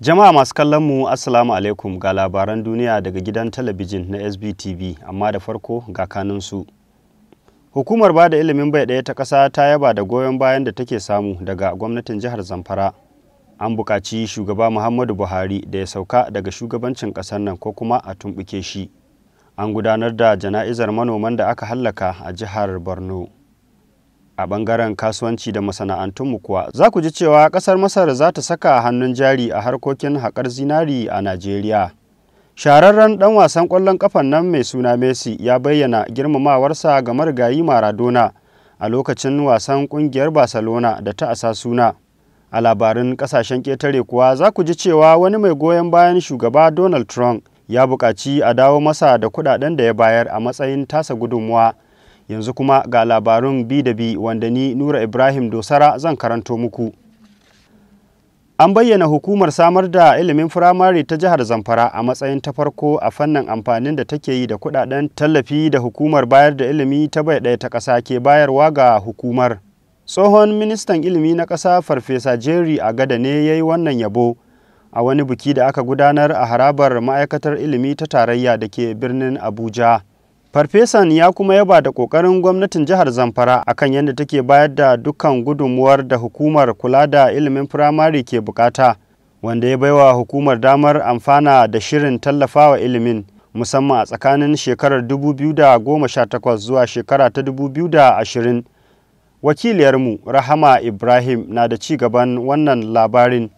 Jama'a masu kallon mu Assalamu alaikum ga labaran duniya daga gidan talabijin na SBTV amma da farko ga kanunsu. Hukumar ba da ilimin bai ɗaya ta ƙasa ta yaba da goyon bayan da take samu daga gwamnatin jihar Zamfara an buƙaci shugaba muhammadu buhari da ya sauka daga shugabancin ƙasar nan ko kuma a tumɓuke shi an gudanar da jana'izar manoman da aka hallaka a jihar borno a ɓangaren kasuwanci da masana'antunmu kuwa za ku ji cewa ƙasar masar za ta saka hannun jari a harkokin haƙar zinari a najeriya shahararren ɗan wasan ƙwallon ƙafan nan mai suna messi ya bayyana girmamawarsa ga marigayi maradona a lokacin wasan ƙungiyar barcelona da ta asa suna a labarin kasashen ƙetare kuwa za ku ji cewa wani mai goyon bayan shugaba donald trump ya buƙaci a dawo masa da kuɗaɗen da ya bayar a matsayin tasa gudunmuwa yanzu kuma ga labarun bi da bi wanda ni nura ibrahim dosara zan karanto muku an bayyana hukumar samar da ilimin firamare ta jihar zamfara a matsayin ta farko a fannin amfanin da take yi da kuɗaɗen tallafi da hukumar bayar da ilimi ta bai ɗaya ta ƙasa ke bayarwa ga hukumar tsohon ministan ilimi na ƙasa farfesa jerry gada ne ya yi wannan yabo a wani biki da aka gudanar a harabar ma'aikatar ilimi ta tarayya da ke birnin abuja farfesan ya kuma yaba da ƙoƙarin gwamnatin jihar zamfara a kan yadda take bayar da dukkan gudunmuwar da hukumar kula da ilimin firamare ke bukata wanda ya baiwa hukumar damar amfana da shirin tallafawa ilimin musamman a tsakanin shekarar 2018 zuwa shekara ta 2020 wakiliyarmu rahama ibrahim na da ci gaban wannan labarin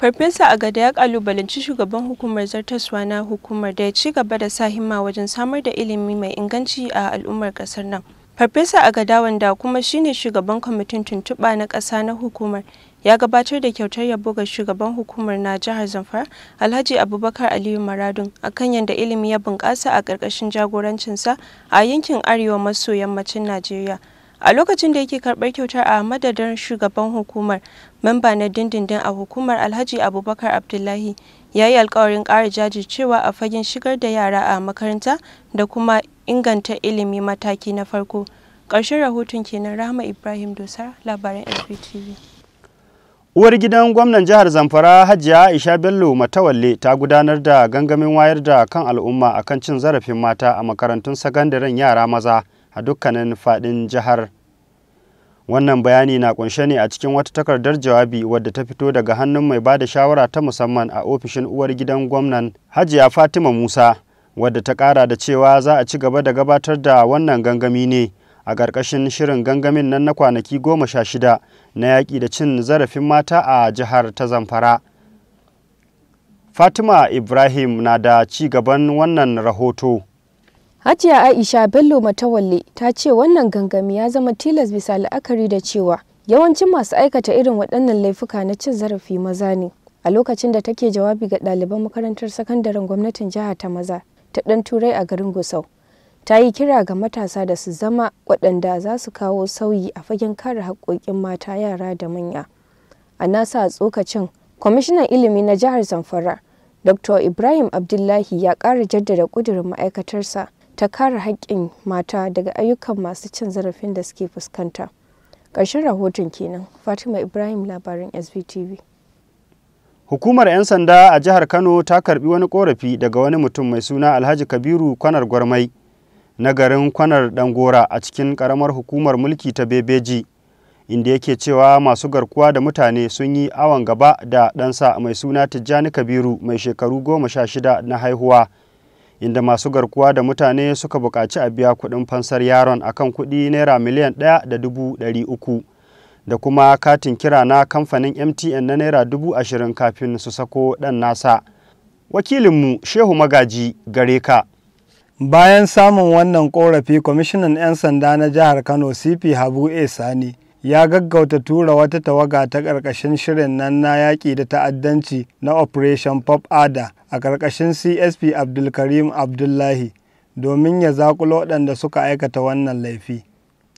farfesa a gada ya kalubalanci shugaban hukumar zartaswa na hukumar da ya ci gaba da sa himma wajen samar da ilimi mai inganci a al'ummar kasar nan farfesa a gada wanda kuma shine shugaban kwamitin tuntuɓa na ƙasa na hukumar ya gabatar da kyautar yabo ga shugaban hukumar na jihar zamfara alhaji abubakar aliyu maradun akan yadda ilimi ya bunƙasa a ƙarƙashin jagorancinsa a yankin arewa maso yammacin najeriya a lokacin da yake karɓar kyautar a madadin shugaban hukumar memba na dindindin a hukumar alhaji abubakar abdullahi ya yi alkawarin ƙara jajircewa a fagen shigar da yara a makaranta da kuma inganta ilimi mataki na farko ƙarshen rahoton kenan rahama ibrahim dosar labaran fbtv. uwar gidan gwamnan jihar zamfara hajiya aisha bello matawalle ta gudanar da gangamin wayar da kan al'umma akan cin zarafin mata a makarantun sakandaren yara maza a dukkanin fadin jihar wannan bayani na kunshe ne a cikin wata takardar jawabi wadda ta fito daga hannun mai bada shawara ta musamman a ofishin uwar gidan gwamnan hajiya fatima musa wadda ta kara da cewa za a ci gaba da gabatar da wannan gangami ne a ƙarƙashin shirin gangamin nan na kwanaki goma sha shida na yaƙi da cin zarafin mata a jihar ta zamfara fatima ibrahim na da ci gaban wannan rahoto Hajiya Aisha Bello Matawalle ta ce wannan gangami ya zama tilas bisa la'akari da cewa yawancin masu aikata irin waɗannan laifuka na cin zarafi maza ne. A lokacin da take jawabi ga ɗaliban makarantar sakandaren gwamnatin jiha ta maza ta ɗan turai a garin Gusau, ta yi kira ga matasa da su zama waɗanda za su kawo sauyi a fagen kare haƙoƙin mata yara da manya. A nasa tsokacin, kwamishinan ilimi na jihar Zamfara, Dr. Ibrahim Abdullahi ya ƙara jaddada ƙudurin ma'aikatarsa ta kare haƙƙin mata daga ayyukan masu cin zarafin da suke fuskanta. Ƙarshen rahoton kenan Fatima Ibrahim labarin sbtv. Hukumar 'yan sanda a jihar Kano ta karbi wani korafi daga wani mutum mai suna Alhaji Kabiru Kwanar Gwarmai na garin Kwanar Dangora a cikin karamar hukumar mulki ta Bebeji inda yake cewa masu garkuwa da mutane sun yi awon gaba da ɗansa mai suna Tijjani Kabiru mai shekaru goma sha shida na haihuwa inda masu garkuwa da mutane suka buƙaci a biya kuɗin fansar yaron akan kuɗi naira miliyan ɗaya da dubu ɗari uku da kuma katin kira na kamfanin mtn na naira dubu ashirin kafin su sako ɗan nasa wakilinmu shehu magaji gare ka bayan samun wannan korafi kwamishinan 'yan sanda na jihar kano cp habu a sani ya gaggauta tura wata tawaga ta ƙarƙashin shirin nan na yaƙi da ta'addanci na Operation Pop Ada a ƙarƙashin CSP Abdulkarim Abdullahi domin ya zakulo waɗanda suka aikata wannan laifi.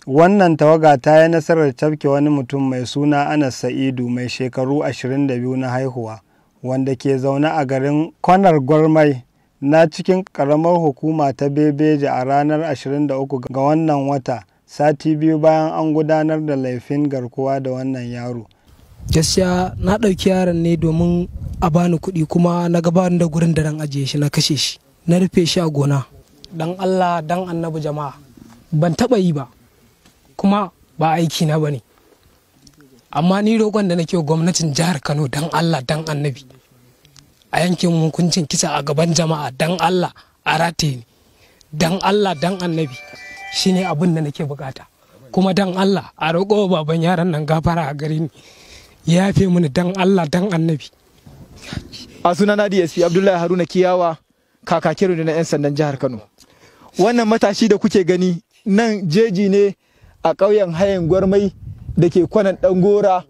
Wannan tawaga ta yi nasarar cafke wani mutum mai suna Anas Sa'idu mai shekaru 22 na haihuwa, wanda ke zaune a garin Kwanar Gwarmai na cikin ƙaramar hukuma ta Bebeji a ranar 23 ga wannan wata. sati biyu bayan an gudanar da laifin garkuwa da wannan yaro gaskiya na ɗauki yaron ne domin a bani kuɗi kuma na gabarin da gurin da ran ajiye shi na kashe shi na rufe shi a gona dan allah dan annabi jama'a ban taɓa yi ba kuma ba aiki na bane amma ni roƙon da nake gwamnatin jihar kano dan allah dan annabi a yankin hukuncin kisa a gaban jama'a dan allah a rataye ni dan allah dan annabi shine abin da nake bukata kuma dan Allah a roƙo baban yaran nan gafara a gare ni ya yafe mini dan Allah dan annabi a sunana DSP Abdullahi Haruna Kiyawa ne na 'yan sandan jihar Kano wannan matashi da kuke gani nan jeji ne a ƙauyen hayan gwarmai da ke kwanan gora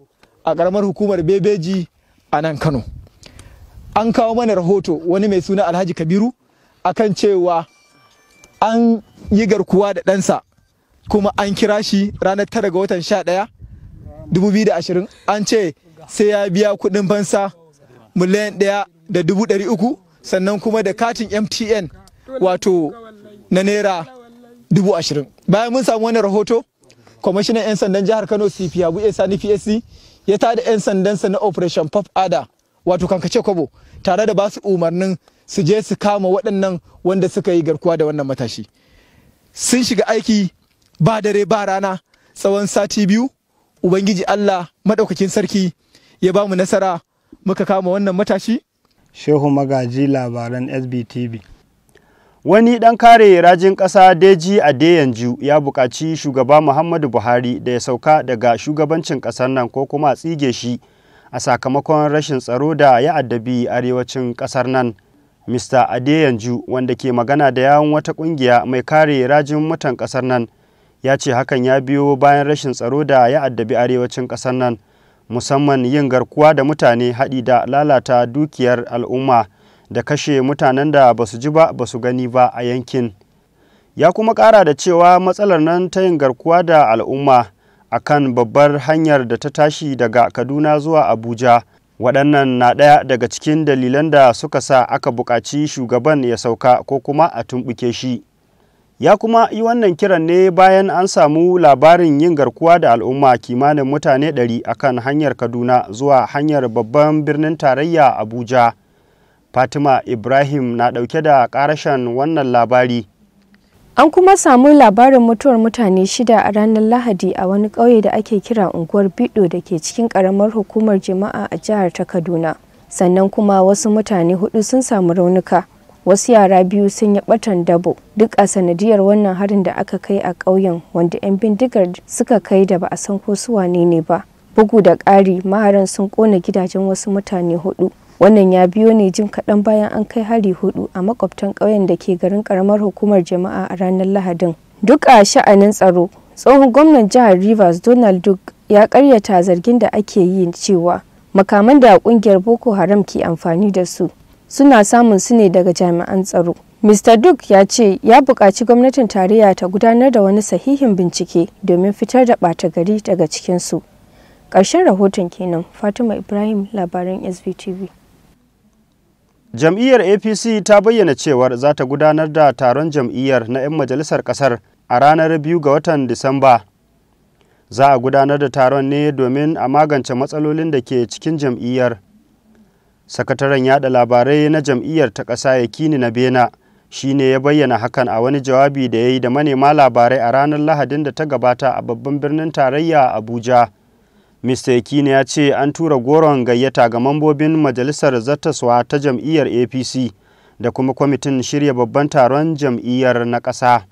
a ƙaramar hukumar bebeji a nan kano an kawo mana rahoto wani mai suna alhaji kabiru akan cewa an yi garkuwa da ɗansa kuma an kira shi ranar tara ga watan sha ɗaya 2020 an ce sai ya biya kuɗin fansa miliyan ɗaya da dubu ɗari uku sannan kuma da katin mtn wato na naira dubu ashirin bayan mun samu wannan rahoto kwamishinan 'yan sandan jihar kano cp abu sani psc ya ta da 'yan sandansa na operation pop ada wato kankace kwabo tare da basu umarnin su je su kama waɗannan wanda suka yi garkuwa da wannan matashi sun shiga aiki ba dare ba rana tsawon sati biyu ubangiji allah maɗaukakin sarki ya ba mu nasara muka kama wannan matashi shehu magaji labaran sbtv wani ɗan kare rajin ƙasa deji a yanzu ya buƙaci shugaba muhammadu buhari da ya sauka daga shugabancin ƙasar nan ko kuma tsige shi a sakamakon rashin tsaro da ya addabi arewacin ƙasar nan Mr. Adeyanju wanda ke magana da yawon wata kungiya mai kare rajin mutan kasar nan ya ce hakan ya biyo bayan rashin tsaro da ya addabi arewacin kasar nan musamman yin garkuwa da mutane haɗi da lalata dukiyar al'umma da kashe mutanen da ba su ji ba ba su gani ba a yankin. Ya kuma ƙara da cewa matsalar nan ta yin garkuwa da al'umma a kan babbar hanyar da ta tashi daga Kaduna zuwa Abuja waɗannan na ɗaya daga cikin dalilan da suka sa aka buƙaci shugaban ya sauka ko kuma a tumɓuke shi ya kuma yi wannan kiran ne bayan an samu labarin yin garkuwa da al'umma kimanin mutane 100 akan hanyar kaduna zuwa hanyar babban birnin tarayya abuja fatima ibrahim na ɗauke da ƙarashen wannan labari An kuma samu labarin mutuwar mutane shida a ranar Lahadi a wani ƙauye da ake kira unguwar Bido da ke cikin ƙaramar hukumar jama'a a jihar ta Kaduna. Sannan kuma wasu mutane hudu sun samu raunuka. Wasu yara biyu sun yi batan dabo duk a sanadiyar wannan harin da aka kai a ƙauyen wanda 'yan bindigar suka kai da ba a san ko su wane ne ba. Bugu da ƙari maharan sun ƙona gidajen wasu mutane hudu Wannan ya biyo ne jin kaɗan bayan an kai hari hudu a makwabtan ƙauyen da ke garin ƙaramar hukumar jama'a a ranar Lahadin. Duk a sha'anin tsaro, tsohon gwamnan jihar Rivers Donald duk ya karyata zargin da ake yi cewa makaman da ƙungiyar Boko Haram ke amfani da su suna samun su ne daga jami'an tsaro. Mr. Duke ya ce ya buƙaci gwamnatin tarayya ta gudanar da wani sahihin bincike domin fitar da ɓata gari daga cikinsu. Ƙarshen rahoton kenan Fatima Ibrahim labaran SVTV. Jam'iyyar APC ta bayyana cewar za ta gudanar da taron jam'iyyar na 'yan majalisar ƙasar a ranar biyu ga watan Disamba. Za a gudanar da taron ne domin a magance matsalolin da ke cikin jam'iyyar. Sakataren yada labarai na jam'iyyar ta ƙasa Yakini na Bena shi ne ya bayyana hakan a wani jawabi da ya yi da manema labarai a ranar Lahadin da ta gabata a babban birnin tarayya Abuja. Mr. Kine ya ce an tura goron gayyata ga mambobin majalisar zattaswa ta jam'iyyar APC da kuma kwamitin shirya babban taron jam'iyyar na ƙasa.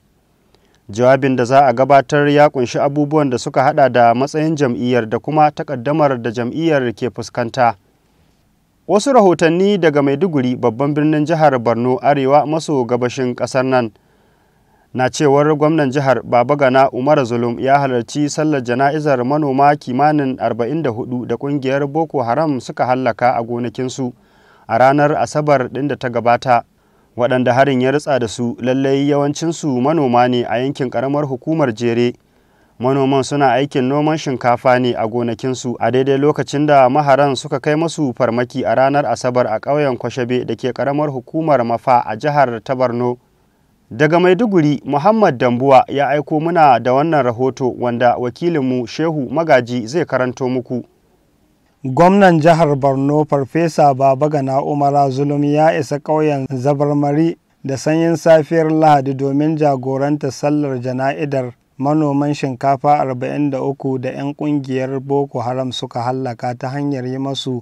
Jawabin da za a gabatar ya kunshi abubuwan da suka hada da matsayin jam'iyyar da kuma takaddamar da jam'iyyar ke fuskanta. Wasu rahotanni daga Maiduguri babban birnin jihar Borno Arewa maso gabashin ƙasar nan. na cewar gwamnan jihar Baba Gana Umar Zulum ya halarci sallar jana'izar manoma kimanin 44 da kungiyar Boko Haram suka hallaka a gonakinsu a ranar Asabar ɗin da ta gabata. Waɗanda harin ya ritsa da su lallai yawancinsu manoma ne a yankin ƙaramar hukumar jere. Manoman suna aikin noman shinkafa ne a gonakinsu a daidai lokacin da maharan suka kai masu farmaki a ranar Asabar a ƙauyen kwashebe da ke ƙaramar hukumar Mafa a jihar ta Borno. Daga Maiduguri, Muhammad Dambuwa ya aiko muna da wannan rahoto wanda wakilinmu Shehu Magaji zai karanto muku. Gwamnan jihar Borno Farfesa Babagana Umara Zulum ya isa ƙauyen Zabarmari da sanyin safiyar Lahadi domin jagoranta sallar jana'idar manoman shinkafa 43 da 'yan ƙungiyar Boko Haram suka hallaka ta hanyar yi masu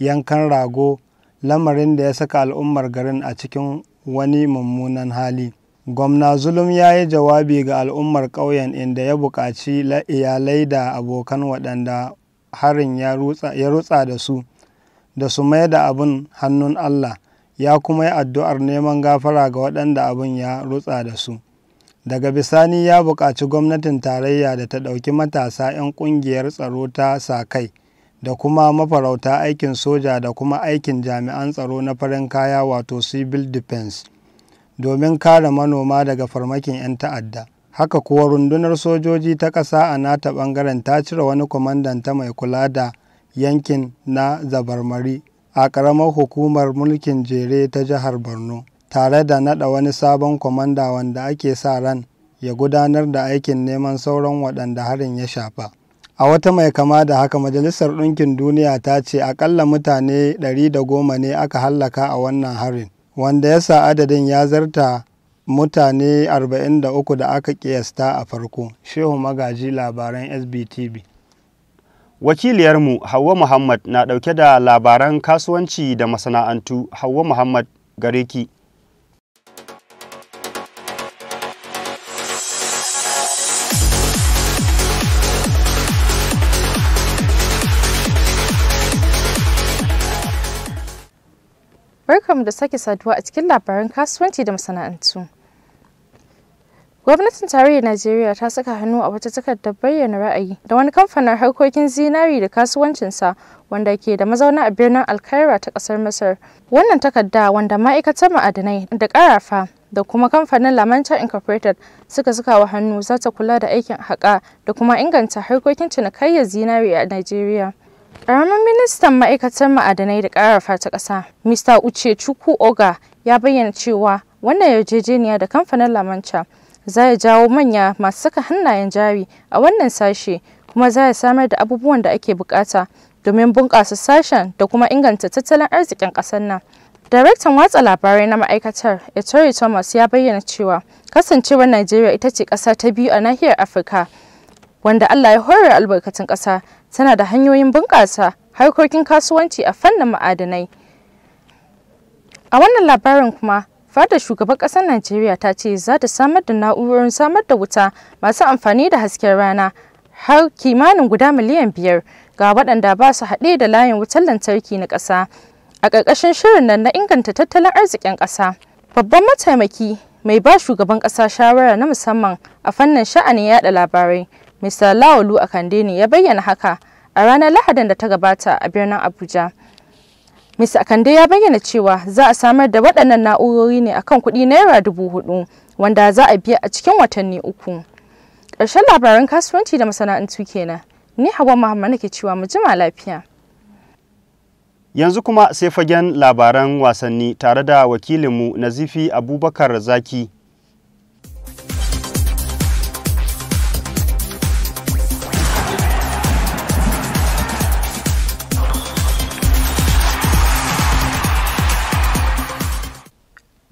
yankan rago lamarin da ya saka al'ummar garin a cikin wani mummunan hali. Gwamna Zulum ya yi jawabi ga al'ummar ƙauyen inda ya buƙaci iyalai da abokan waɗanda harin ya rutsa da su da su mai da abin hannun Allah ya kuma yi addu'ar neman gafara ga waɗanda abin ya rutsa da su. Daga bisani ya buƙaci gwamnatin tarayya da ta ɗauki matasa ‘yan ƙungiyar tsaro ta sa-kai da kuma mafarauta aikin soja da kuma aikin jami'an tsaro na farin kaya wato civil defense. domin kare manoma daga farmakin 'yan ta'adda. Haka kuwa rundunar sojoji ta ƙasa a nata ɓangaren ta cire wani kwamandan ta mai kula da yankin na zabarmari a ƙaramar hukumar mulkin jere ta jihar Borno, tare da naɗa wani sabon kwamanda wanda ake sa ran ya gudanar da aikin neman sauran waɗanda harin ya shafa. A wata mai kama da haka Majalisar Ɗinkin Duniya ta ce akalla mutane 110 ne aka hallaka a wannan harin. wanda ya sa adadin ya zarta mutane 43 da aka kiyasta a farko shehu magaji labaran sbtv wakiliyarmu hawa muhammad na dauke da labaran kasuwanci da masana'antu hawa muhammad gareki barkamu da sake saduwa a cikin labaran kasuwanci da masana'antu. Gwamnatin Tarayyar Najeriya ta saka hannu a wata takardar bayyana ra'ayi da wani kamfanin harkokin zinari da kasuwancinsa wanda ke da mazauna a birnin Alkaira ta ƙasar Masar. Wannan takarda wanda ma'aikatar ma'adanai da ƙarafa da kuma kamfanin Lamanta Incorporated suka saka wa hannu za ta kula da aikin haƙa da kuma inganta harkokin cinikayyar zinari a Najeriya. Ƙaramin ministan ma'aikatar ma'adanai da ƙarafa ta ƙasa, Mr. Uche Chukwu Oga, ya bayyana cewa wannan yarjejeniya da kamfanin Lamancha za ya jawo manya masu saka hannayen jari a wannan sashe kuma za ya samar da abubuwan da ake bukata domin bunƙasa sashen da kuma inganta tattalin arzikin ƙasar nan. Daraktan watsa labarai na ma'aikatar Ettore Thomas ya bayyana cewa kasancewar Najeriya ita ce ƙasa ta biyu a nahiyar Afirka wanda Allah ya horar albarkatun ƙasa tana da hanyoyin bunƙasa harkokin kasuwanci a fannin ma'adanai. A wannan labarin kuma fadar shugaban ƙasar Najeriya ta ce za ta samar da na'urorin samar da wuta masu amfani da hasken rana har kimanin guda miliyan biyar ga waɗanda ba su haɗe da layin wutar lantarki na ƙasa a ƙarƙashin shirin nan na inganta tattalin arzikin ƙasa. Babban mataimaki mai ba shugaban ƙasa shawara na musamman a fannin sha'anin yada labarai Mr. Lawolu Akandeni ya bayyana haka a ranar Lahadin da ta gabata a birnin Abuja. Mr. Akande ya bayyana cewa za a samar da waɗannan na'urori ne akan kuɗi naira dubu hudu wanda za a biya a cikin watanni uku. Ƙarshen labaran kasuwanci da masana'antu kenan. Ni Hawa Muhammad nake cewa mu jima lafiya. Yanzu kuma sai fagen labaran wasanni tare da wakilinmu Nazifi Abubakar Zaki.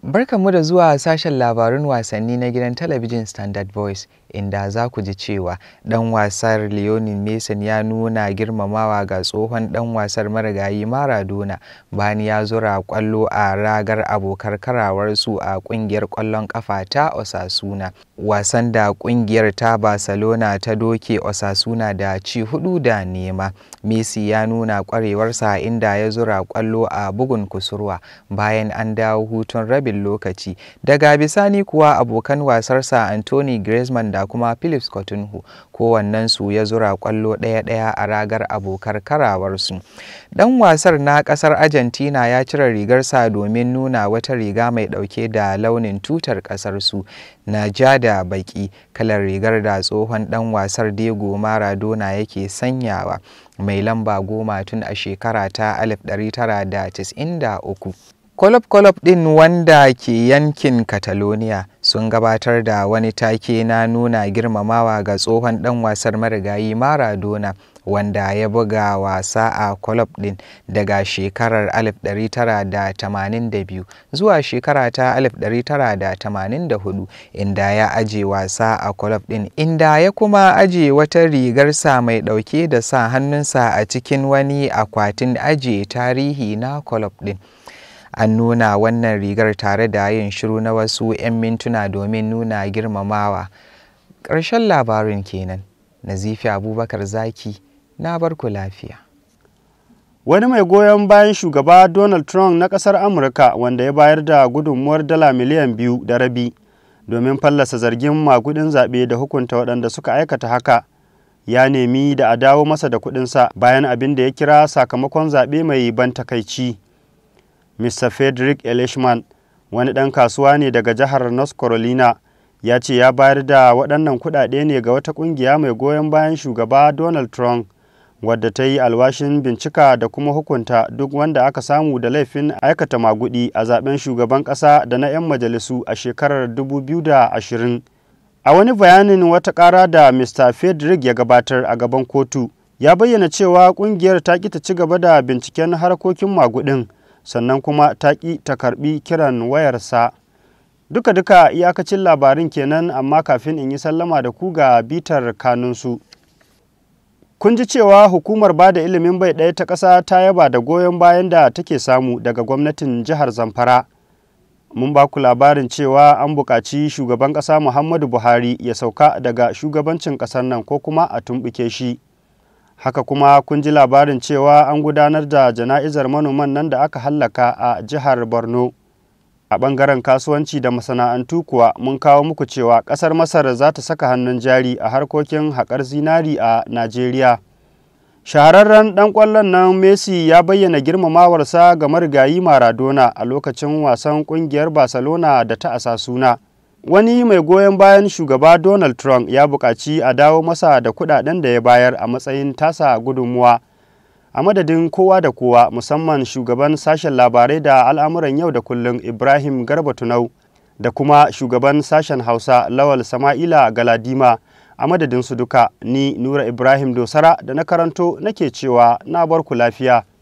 Barkanmu da zuwa sashen labarun wasanni na gidan talabijin Standard Voice inda za ku ji cewa ɗan wasar Leonin Mason ya nuna girmamawa ga tsohon ɗan wasar marigayi Maradona Bani ya zura kwallo a ragar abokar karawarsu a ƙungiyar ƙwallon ƙafa ta Osasuna. Wasan da ƙungiyar ta Barcelona ta doke Osasuna da ci hudu da nema. Messi ya nuna ƙwarewarsa inda ya zura kwallo a bugun kusurwa bayan an dawo hutun rabin lokaci daga bisani kuwa abokan wasarsa anthony griezmann da kuma philips kowannan su ya zura kwallo ɗaya-ɗaya a ragar abokar karawarsu dan wasar na ƙasar argentina ya cire rigarsa domin nuna wata riga mai ɗauke da launin tutar ƙasarsu na ja da baƙi kalar rigar da tsohon dan wasar diego maradona yake sanyawa mai lamba goma tun a shekara ta 1993 Kolob-kolob ɗin wanda ke yankin Catalonia sun gabatar da wani take na nuna girmamawa ga tsohon ɗan wasar marigayi Maradona wanda ya buga wasa a kolob ɗin daga shekarar 1982 zuwa shekara ta 1984 inda ya aje wasa a kolob ɗin inda ya kuma aje wata rigarsa mai ɗauke da sa hannunsa a cikin wani akwatin aje tarihi na kolob ɗin. an nuna wannan rigar tare da yin shiru na wasu 'yan mintuna domin nuna girmamawa ƙarshen labarin kenan nazifi abubakar zaki na barku lafiya wani mai goyon bayan shugaba donald trump na ƙasar amurka wanda ya bayar da gudunmuwar dala miliyan biyu da rabi domin fallasa zargin magudin zaɓe da hukunta waɗanda suka aikata haka ya nemi da a dawo masa da kuɗinsa bayan abin da ya kira sakamakon zaɓe mai ban takaici Mr. Frederick Elishman, wani ɗan kasuwa ne daga jihar North Carolina, ya ce ya bayar da waɗannan kuɗaɗe ne ga wata ƙungiya mai goyon bayan shugaba Donald Trump, wadda ta yi alwashin bincika da kuma hukunta duk wanda aka samu da laifin aikata magudi a zaben shugaban ƙasa da na 'yan majalisu a shekarar 2020. A wani bayanin wata ƙara da Mr. Frederick ya gabatar a gaban kotu, ya bayyana cewa ƙungiyar ta ƙi ta ci gaba da binciken harkokin magudin. sannan kuma ta ƙi ta karɓi kiran wayarsa duka-duka iyakacin labarin kenan amma kafin in yi sallama da ku ga bitar kanunsu kun ji cewa hukumar ba da ilimin bai ɗaya ta ƙasa ta yaba da goyon bayan da take samu daga gwamnatin jihar zamfara mun ba ku labarin cewa an buƙaci shugaban ƙasa muhammadu buhari ya sauka daga shugabancin ƙasar nan ko kuma a tumɓuke shi haka kuma kun ji labarin cewa an gudanar da jana'izar manoman nan da aka hallaka a jihar borno a bangaren kasuwanci da masana'antu kuwa mun kawo muku cewa kasar masar za ta saka hannun jari a harkokin haƙar zinari a najeriya shahararren ɗan ƙwallon nan messi ya bayyana girmamawarsa ga marigayi maradona a lokacin wasan ƙungiyar barcelona da ta asasuna. suna wani mai goyon bayan shugaba donald trump ya buƙaci a dawo masa da kudaden da ya bayar a matsayin tasa gudunmuwa a madadin kowa da kowa musamman shugaban sashen labarai da al'amuran yau da kullum ibrahim garba tunau da kuma shugaban sashen hausa lawal sama'ila galadima a madadin su duka ni nura ibrahim dosara da na karanto nake cewa na barku lafiya